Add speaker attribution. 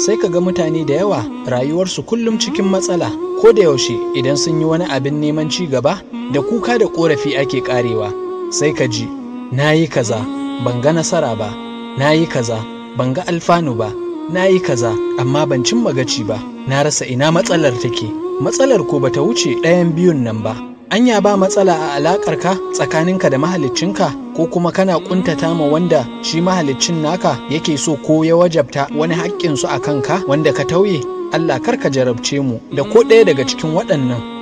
Speaker 1: sai ka ga mutane da yawa rayuwarsu kullum cikin matsala ko da yaushe idan sun yi wani abin neman ci gaba da kuka da korafi ake karewa sai ka ji na yi kaza ban ga nasara ba na yi kaza ban ga alfanu ba na yi kaza amma ban cimma gaci ba na rasa ina matsalar take matsalar ko bata wuce ɗayan biyun nan ba anya ba matsala a ka tsakaninka da mahaliccinka ko kuma kana kuntata ma wanda shi mahaliccin naka yake so ko ya wajabta wani haƙƙinsu a kanka wanda ka tauye Allah karka jarabce mu da ko ɗaya daga
Speaker 2: cikin waɗannan